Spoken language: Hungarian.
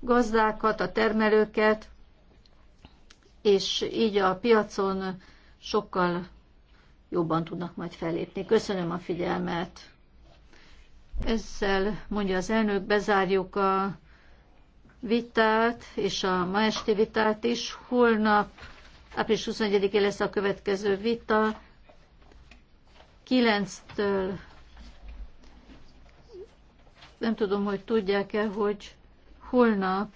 gazdákat, a termelőket, és így a piacon sokkal jobban tudnak majd fellépni. Köszönöm a figyelmet. Ezzel mondja az elnök, bezárjuk a vitát, és a ma esti vitát is. Holnap, április 21-én lesz a következő vita. 9-től nem tudom, hogy tudják-e, hogy holnap